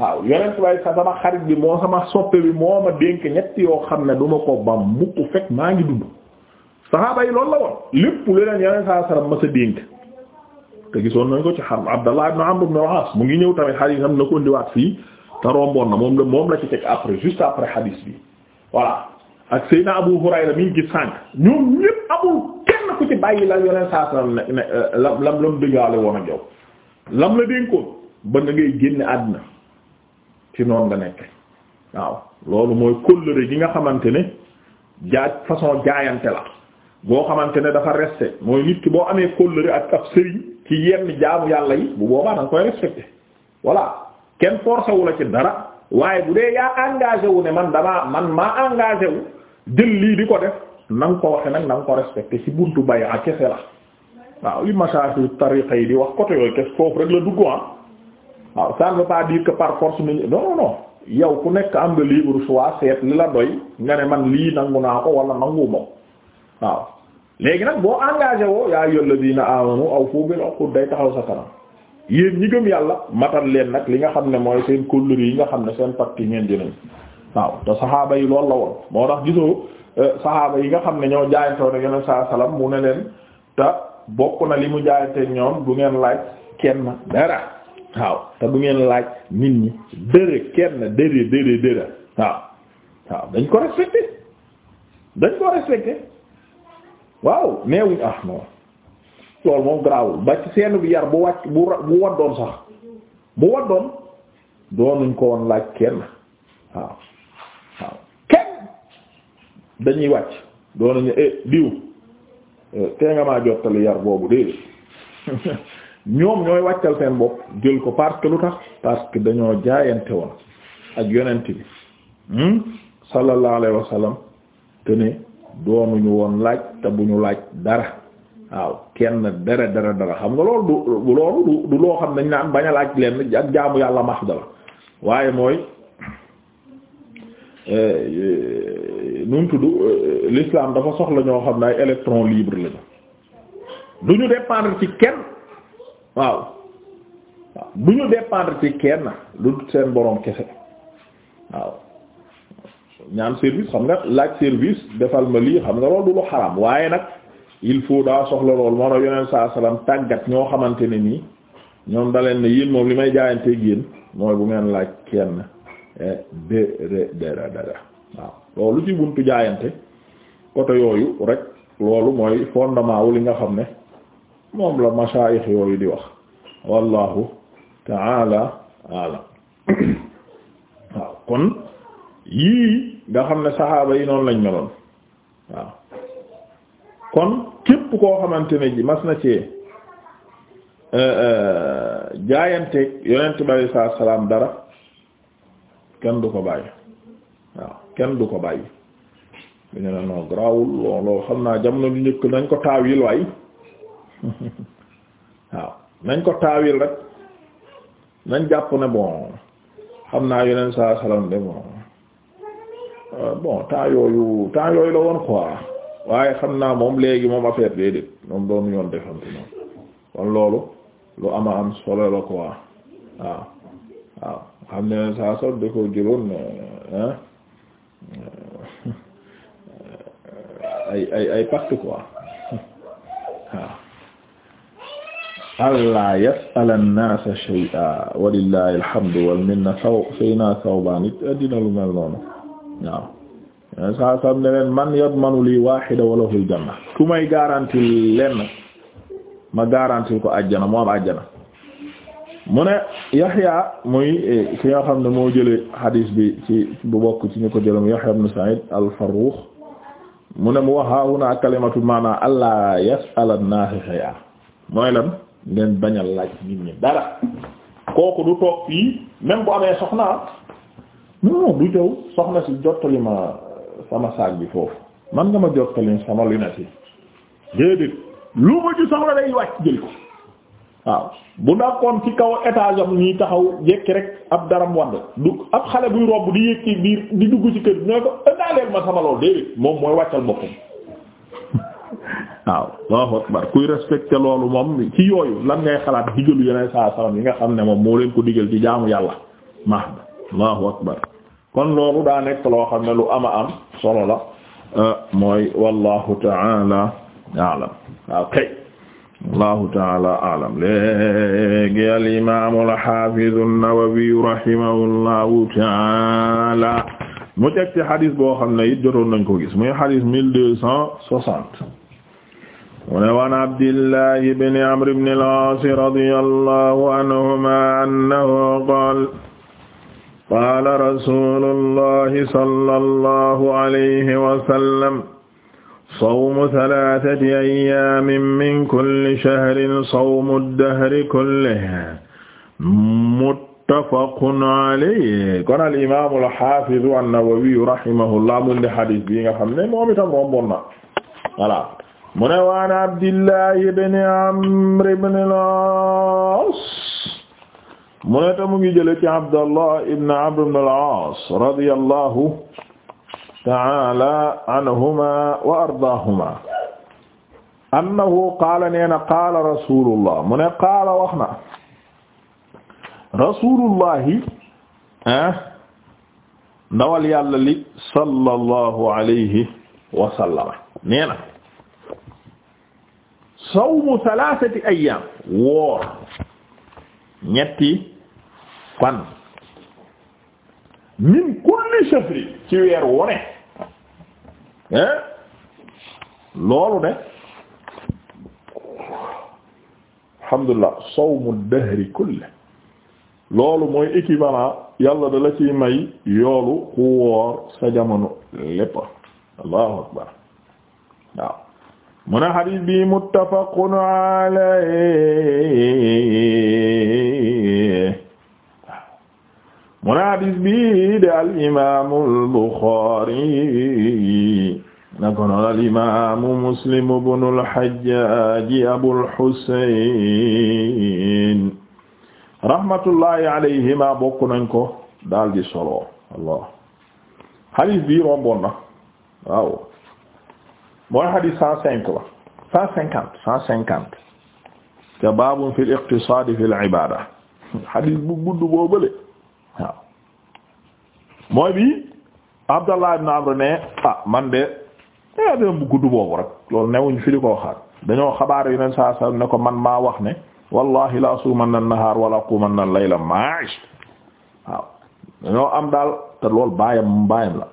[SPEAKER 1] waaw yonent way sa sama xarit bi moo sama soppe bi moo ma dénk ñett yoo xam ne duma ko ba mukk fekk maa ngi dund saxaaba yi loolu la woon lépp lu leen yeneen saa ma sa dénk te gisoon nañ ko ci xam Abdallah ibn Amr ibn al mu ngi ñëw tamit xadiis am na ko ndiwaat fii te romboon na moom la moom la ci teg après juste après xadiis bi voilà ak Seydina Abu Hurayra mi gis sànq ñoom ñépp amul kenn ku ci bàyyi la yeneen saa saram ne ne lam lam dëggaale woon a yow lam la dénkoon ba na ngay génne àddina ci noonu nga nekk waaw loolu mooy kóllëre yi nga xamante ne jaaj façon jaayante boo xamante ne dafa resté mooy nit ki boo amee kóllëre ak ab sëriñ ci yenn jaamu yàlla yi bu boobaa da nga koy respecté voilà kenn forcé wu la ci dara waaye bu dee yaa engagé wu ne man damaa man maa engagé wu lii di ko def na ko waxee nag na ko respecté ci buntu bay a kese la waaw li masaahi tariqa yi di wax côté yooyu kese foofu rek la dugg ah waaw ça ne veut pas dire par force non non non yow ku nekk am nga libre choix seet li la doy nga ne man lii nangu naa ko wala nangu moom léegi nag boo engagé woo yaa ayyuhal ladina amanu awfu bil uqud day taxaw sa kanam yéen ñi gëm yàlla matal leen nag li nga xam ne mooy seen kóllëre yi nga xam ne seen pacte yi ngeen jëlañ waaw te saxaaba yi loolu la woon moo tax gisoo euh, saxaaba yi nga xam ne ñoo jaayantoo ne yeneen saa salaam mu ne leen te bokk na li mu jaayante ñoom du ngeen laaj kenn dara waaw te du ngeen laaj nit ñi dëre kenn dëre dëre dëre waaw waaw dañ ko respecté dañ ko respecté waaw neewuñ ah non loolu moom garaawul ba ci seen bi yar bu wàcc bu bu waddoon sax bu waddoon doonuñ ko woon laaj kenn waaw waaw kenn dañuy wàcc doonuñu eh diw eh, te nga maa jottali yar boobu déedéet (laughs) ñoom ñooy wàccal seen bopp jël ko parce que lu tax parce que dañoo jaayante woon ak yonent bi hmm? sallallahu alayhi wa sallam te doonuñu woon laaj te bu ñu laaj dara waaw kenn dara dara dara xam nga loolu du loolu du loo xam dañ naan bañ a laaj leen ak jaamu yàlla max dala waaye mooy eh, eh, nu mu tudd eh, l'islam dafa soxla ñoo xam ne ay électron libre lañu du ñu dépendre ci kenn waaw waaw du ñu dépendre ci kenn lu seen boroom kese waaw ñaan service xam nga laaj service defal ma lii xam nga loolu lu xaram waaye nag il faut daa soxla loolu moo tax yeneen saa salaam tàggat ñoo xamante ne nii ñoom da leen ne moom li may jaayanteeg yéen mooy bu ngeen laaj kenn eh, déré dara dara waaw loolu ci buntu jaayante côté yooyu rek loolu mooy fondement wu li nga xam ne moom la mashaayix yooyu di wax wallahu ta'ala a'lam (coughs) waaw kon. yii nga xam ne saxaaba yi noonu lañ meloon waaw kon képp koo xamante ne ji mas na ci euh, euh, jaayanteeg yonent bi alei salaatu dara kenn du ko bàyyi waaw kenn du ko bàyyi dañu ne non grawul looloo xam naa jamono lu njëkk nañ ko taawil waay (laughs) waaw nañ ko taawil rek nañ jàpp ne bon xam naa yonent saa salaam de bon Euh, bon temps yooyu temps yooyu la woon quoi waaye xam naa moom léegi moom affaire bee de moom doon yoon defante moom kon loolu lu ama am solo la quoi waaw waaw xam ne saa sox da ko jëloon euh, euh, ay ay ay pacte quoi waaw allah yasal annas shay'a walillahi alhamdu wal minna saw sayna sawbaan it dina lu mel noonu waaw yeneen saa sam ne leen man yadmanu lii wahida wa lahul janna ku may garanti lenn ma garanti ko ajjana mu am ajjana mu ne Yahya muy eh, ki nga xam ne moo jële hadis bi ci bu bokk ci ñu ko jële mu Yahya ibn Sa'id al mu ne mu wax haahuna kalimatu maana allah yas'al an-nas mooy lan ngeen bañal laaj nit ñi dara kooku du toog fii même bu amee soxna non du jëw soxna si jottali ma euh, sama saag bi foofu man nga ma jottali sama lunette yi déedéet lu ma ci soxla day wàcc jël ko waaw bu dakkoon ci kaw étage am ñuy taxaw jekki rek ab daram wand du ab xale buy robb di yëkki di dugg ci kër ñoo ko ëndaaleel ma sama lool déedéet moom mooy wàccal boppam waaw Allahu akbar kuy respecté loolu moom ci yooyu lan ngay xalaat digalu yeneen saa salaam yi nga xam ne moom moo leen ko digal ci jaamu yàlla mahba Allahu kon loolu daa nekk loo xam ne lu ama am solo la euh, mooy wallahu taala alam waaw kay wallahu taala alam léegi al imam al hafiz an-Nawawi rahimahullahu taala mu teg ci xadis boo xam ne it jotoon nañ ko gis muy xadis mille deux cent soixante mu ne waan Abdillahi ibn Amr ibn al-As radiyallahu anhuma annahu qala qaala rasulullahi sallallahu alayhi wa sallam sawmu talaatati ayyaamin min kulli shahrin sawmu dahri kullihi muttafaqun alayhi kon al imaamu al-haafidu an-Nawawi rahimahullah mu ndi hadiis bi nga xam ne moom itam rombon na voilà mu ne waan Abdillahi ibn Amr ibn al-Aas mu ne ta mu ngi jële ci Abdallah ibn Amr ibn al-Aas radiyallahu ta'ala anhuma wa ardaahuma annahu qaala nee na qaala rasulullah mu ne qaala wax na rasulullahi ah ndawal yàlla li sallallahu alayhi wa sallama nee na sawmu thalathati ayyam woor ñetti fan min kulli shahri ci weer wu ne loolu de alhamdulillah sawmu dahri kulli loolu mooy équivalent yàlla da la ciy may yoolu ku woor sa jamono lépp allahu akbar waaw mu ne xadiis bi muttafaqun alayhi mu ne hadis bi de al imaamu al Buxaari nako noon al imaamu Muslim ibnu al Hajjaaj Abul Husayn rahmatullahi alayhima bokk nañ ko daal di solo Allah hadis bi romboon na waaw mooy hadis cent cinq la cent cinquante cent cinquante ca baabun fil iqtisaad fil ibaada hadis bu gudd boobale waaw mooy bi Abdallah ibn Amr ne ah man de a eh, dém bu gudd boobu rek loolu newuñ fi di ko waxaat dañoo xabaar yu neen saa ne ko man maa wax ne wallahi la asuumanna an-nahaar wala aqumanna al-layla ma'ish waaw dañoo am daal te loolu baayam baayam la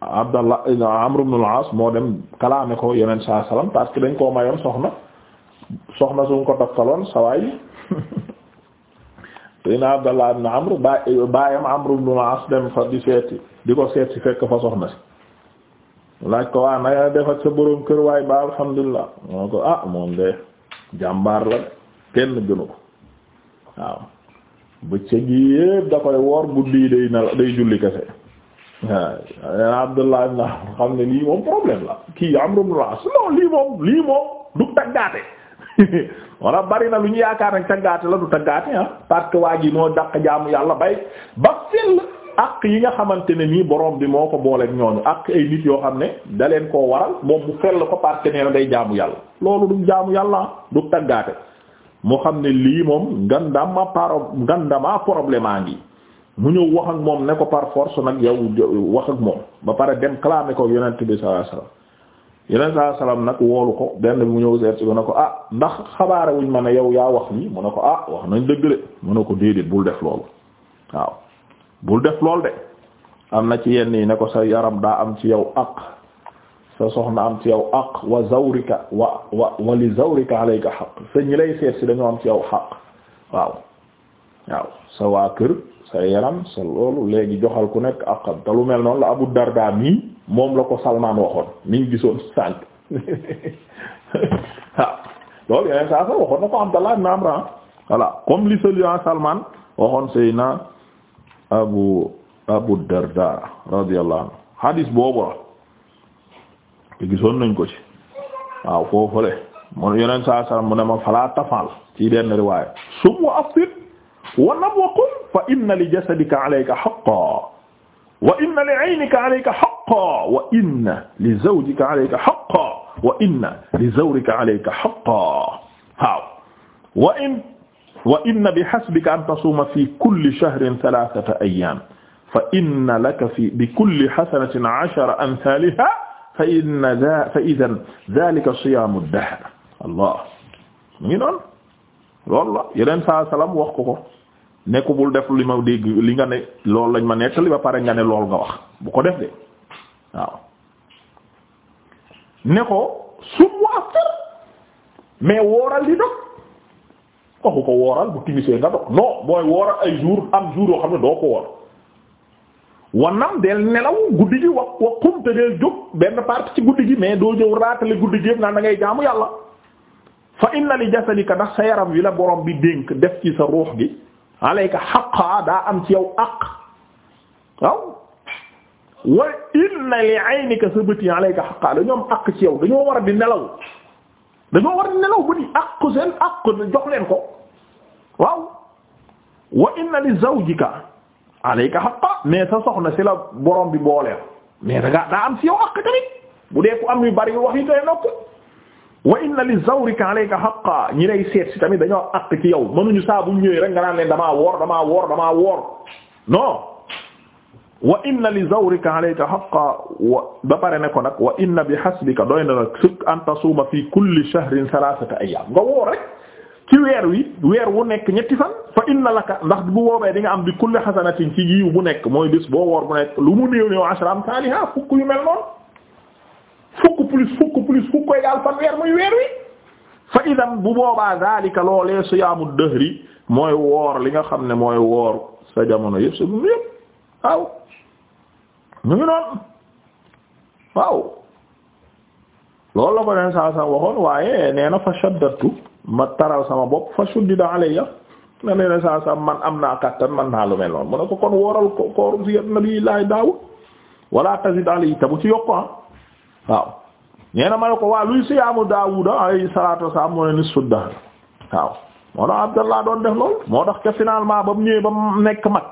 [SPEAKER 1] Abdallah Amr ibn al moo dem kalaame ko yeneen saa salaam parce que dañ koo mayoon soxna soxna suñ ko takkaloon sawaay (laughs) sayna Abdallah ibn Amr baayam Amr ibn al-As dem fa di seeti di ko seet si fekk fa soxna si laaj ko waa nanga def ak sa boroom kër waaye ba alhamdulilah moo ko ah moom de jàmbaar la kenn gënu ko waaw bëccëg yi yépp da koy woor guddi yi day nelaw day julli kese waaw Abdallah ibn Amr xam ne lii moom problème la kii Amr ibn al-As non lii moom lii moom du taggaate (laughs) wala bari na lu ñu yaakaar nag taggaate la du taggaate ah parce que waa ji moo dàq jaamu yàlla bay ba fil ak yi nga xamante ne nii borom bi moo ko booleeg ñooñu ak ay nit yoo xam ne da leen koo waral moom mu fell ko parce que nee na day jaamu yàlla loolu du jaamu yàlla ah, du taggaate moo xam ne lii moom ngandama paro ngandama problème a ngi mu ñëw wax ak moom ne ko par force nag yow wax ak moom ba pare dem clamer ko yonent bi sallallahu alayhi wasallam yeneen saa salaam nag woolu ko benn bi mu ñëw seet si ko ne ko ah ndax xabaare wuñ ma ne yow yaa wax lii mu ne ko ah wax nañ dëgg de mu ne ko déedéet bul def loolu waaw bul def lool de am na ci yenn yi ne ko sa yaram daa am ci yow aq sa soxna am ci yow aq wa zawrika wa wa wa li zawrika alayka xaq sa ñi lay seet si dañoo am ci yow xaq waaw waaw sa waa kër sa yaram sa loolu léegi joxal ku nekk aqam te mel noonu la Abu Darda mii moom la ko Salman waxoon mi ngi gisoon sànq waaw (laughs) loolu yeneen saa waxoon na ko Abdallah ibn Amr ah. voilà comme li selian Salman waxoon Seydina Abu Abu Darda radiyallahu hadis boobu la gisoon nañ ko ci waaw foofule mu yeneen saa mu ne ma falaa tafal ci benn riwaaya sum wa aftir wa nam wa qum fa inna li jasadika alayka haqqan wa inna li aynika alayka haqqan wa inna li zawjika alayka haqqan wa inna li zawrika alayka haqqan waaw wa in wa inna bi hasbika an tasuma fi kulli shahrin thalathata ayyam fa inna laka fi bi kulli hasanatin ashara amthaliha fa inna dha fa idhan dhalika siyamu ad-dahr allah mi noon loolu la yeneen saa salaam wax ko ko nekku bul def li ma dégg li nga ne loolu lañ ma nekk nettali ba pare nga ne lool nga wax bu ko def de waaw ne ko sum waaftar mais wooral di dog waxu ko wooral bu timisee nga dog non mooy wooral ay jour am jour yoo xam ne doo ko woor wanam del nelaw guddi gi wa wa xum te benn partie ci guddi gi mais doo jëw raatale guddi gi yëpp naan da ngay jaamu yàlla fa inna li jasadika ndax sa yaram wi la borom bi dénk def ci sa ruux gi alayka xaqa daa am ci yow aq waaw wa inna li aynika sa bët yi alayka xaqa dañoo am aq ci yow dañoo war a di nelaw dañoo war a di nelaw bët yi aq seen aq jox leen ko waaw wa inna li zawjika alayka xaqa mais sa soxna si la borom bi booleel mais da nga daa am ci yow aq tamit bu dee ku am yu bari yu wax yi tey noppi wa inna li zawrika alayka haqqan ñi lay seet si tamit dañoo àq ci yow mënuñu saa bu ñëwee rek nga naan leen damaa woor damaa woor damaa woor non wa inna li zawrika alayka haqqan wa ba pare ne ko nag wa inna bi hasbika doy na nag sukk an tasuuma fi kulli shahrin thalathata ayyam nga woor rek ci weer wi weer wu nekk ñetti fan fa inna laka ndax bu boobee di nga am bi kulli hasanatin ci yiw bu nekk mooy bés boo woor bu nekk lu mu néew néew ashram saaliha fukk yu mel noonu fukk plus fukk plus fukk koy daal muy weer wi fa idan bu boobaa daalika loolee siyaamu dëhri mooy woor li nga xam ne mooy woor sa jamono yëpp sa dund yëpp waaw ñu ngi noonu waaw loolu la ko neen saa saa waxoon waaye nee fa shaddatu ma taral sama bopp fa shuddida alayya na nee na man am naa kattan man naa lu mel noonu mu ne ko kon wooral ko kooru si nabi laay daawut wala tazid alayhi ta bu ci yokku ah. waaw ñeena ma ne ko waa luy siyaamu Daawuda alayhi salaatu wassalaam amoon ne ni sudda waaw moo tax Abdallah doon def lool moo tax ca finalement ba mu ñëwee ba mu nekk mag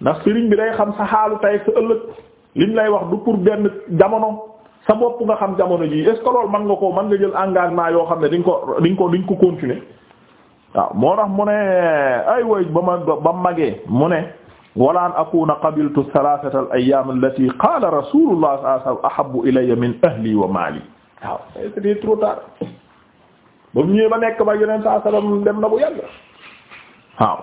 [SPEAKER 1] ndax sëriñ bi day xam sa xaalu tay sa ëllëg liñ lay wax du pour benn jamono sa bopp nga xam jamono ji est ce que loolu nga ko mën nga jël engagement yoo xam ne di ko di nga ko di ko continuer waaw moo tax mu ne ay way ba ma ba mu magee mu ne wala an akuna qabiltu thalathata al ayyam allati qala rasulullah sallallahu alayhi wasallam ahabbu ilayya min ahli wa mali waaw c'était trop tard ba mu ñëwee ba nekk ba yeneen saa salaam dem na bu yàgg waaw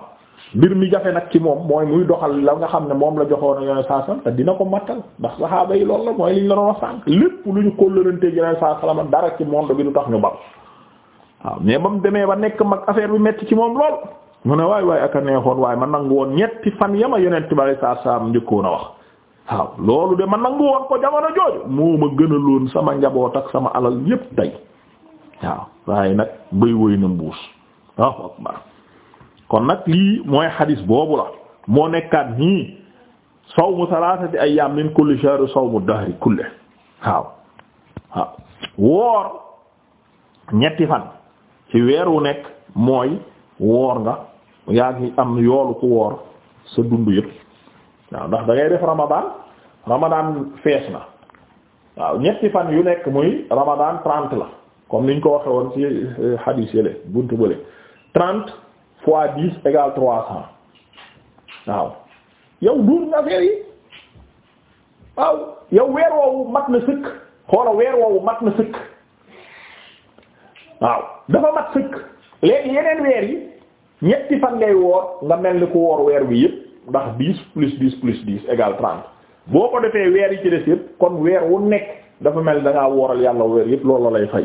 [SPEAKER 1] mbir mi jafe nag ci moom mooy muy doxal la nga xam ne moom la joxoon yeneen saa salaam te dina ko mattal ndax saxaaba yi loolu la mooy liñ la doon wax sànq lépp lu ñu kóllëranteeg yeneen saa salaam dara ci monde bi du tax ñu bal waaw mais ba mu demee ba nekk mag affaire bi metti ci moom lool. mu ne waay waay aka neexoon waaye ma nangu woon ñetti fan yama yonent bari saa saam njëkkoon a wax waaw loolu de ma nangu woon ko jamono jooju moo ma gënaloon sama njaboot ak sama alal yépp tey waaw waaye nag bëy woy na mbuus kon nag lii mooy xadis boobu la moo nekkaat nii sawmu salatati ayyam min kulli shahr sawmu dahri kulli waaw waaw woor ñetti fan ci weer wu nekk mooy woor nga yaa ngi am yoolu ku woor sa dund yëpp waaw ndax da def ramadan ramadan fees na waaw ñetti fan yu nekk muy ramadan trente la comme niñ ko waxe woon ci euh, hadis yële buntu bële trente fois dix égale trois cents waaw yow duur nga affaire yi waaw yow weer woowu mat na sëkk xoola weer woowu mat na sëkk waaw dafa mat sëkk léegi yeneen weer yi ñetti fan ngay woor nga mel ni ku woor weer wi yëpp ndax dix plus dix plus dix égale trente boo ko defee weer yi ci des yëpp kon weer wu nekk dafa mel ni ngaa wooral yàlla weer yëpp loolu la lay fay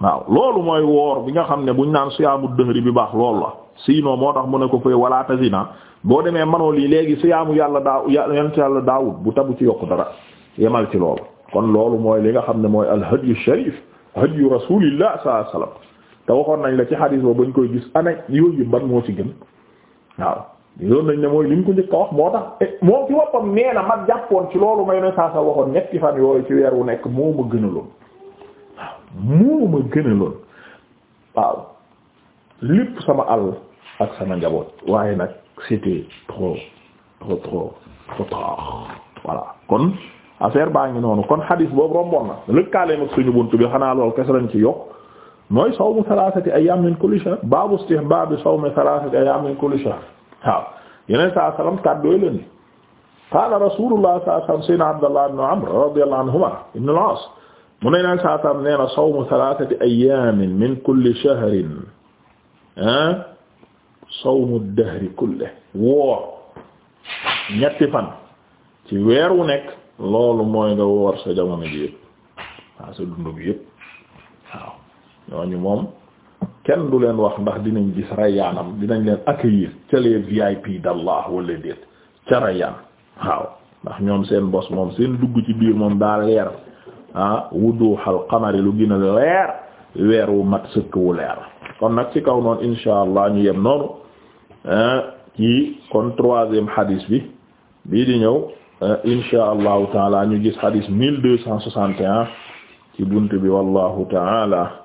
[SPEAKER 1] waaw loolu mooy woor bi nga xam ne buñ naan siyaamu dëhëri bi baax loolu la sinon moo tax mu ne ko fee wala tasina boo demee manoo lii léegi siyaamu yàlla daaw yàlla daawut bu tabu ci yokk dara yemal ci loolu kon loolu mooy li nga xam ne mooy al hadiyu sharif hadiyu rasulillah te waxoon nañ la ci xadis ba bañ koy gis année yooyu yëpp ban moo ci gën waaw yoon nañ ne mooy li mu ko njëkk wax moo tax moom ci boppam nee na ma jàppoon ci loolu may ne saa sa waxoon ñetti fan yooyu ci weer wu nekk moo ma gënaloon waaw moo ma sama àll ak sama njaboot waaye nag c'était trop trop trop trop tard kon affaire baa ngi noonu kon xadis boobu romboon na lëkkaaleem ak suñu bunt bi xanaa loolu kese lañ ci yokk. mooy sawmu thalathati ayyam min kulli shahr baabu istihbab sawmi thalathati ayyam min kulli shahr waaw yeneen saa salaam kàddu yooyu la ni qaala rasulullah sallallahu alayhi wasallam sayyidina abdullah ibn amr radiyallahu anhuma ibn al-aas mu ne yeneen saa salaam nee na sawmu thalathati ayyamin min kulli shahrin ah sawmu dahri kulli woor ñetti fan ci weer wu nekk loolu mooy nga woor sa jamono ji yëpp waaw sa dund bi yëpp ñooñu moom kenn du leen wax ndax dinañ gis rayaanam dinañ leen accueillir ca les VIP d'Allah wala déet ca rayaan waaw ndax ñoom seen bos moom seen dugg ci biir moom daa leer ah wuduhal qamari lu gina leer weer wu mat sëkk wu leer kon nag ci kaw noonu insha allah ñu yem noonu ah ci kon troisième hadis bi bii di ñëw ah insha allahu taala ñu gis hadis mille deux cent soixante ci bunt bi wallahu taala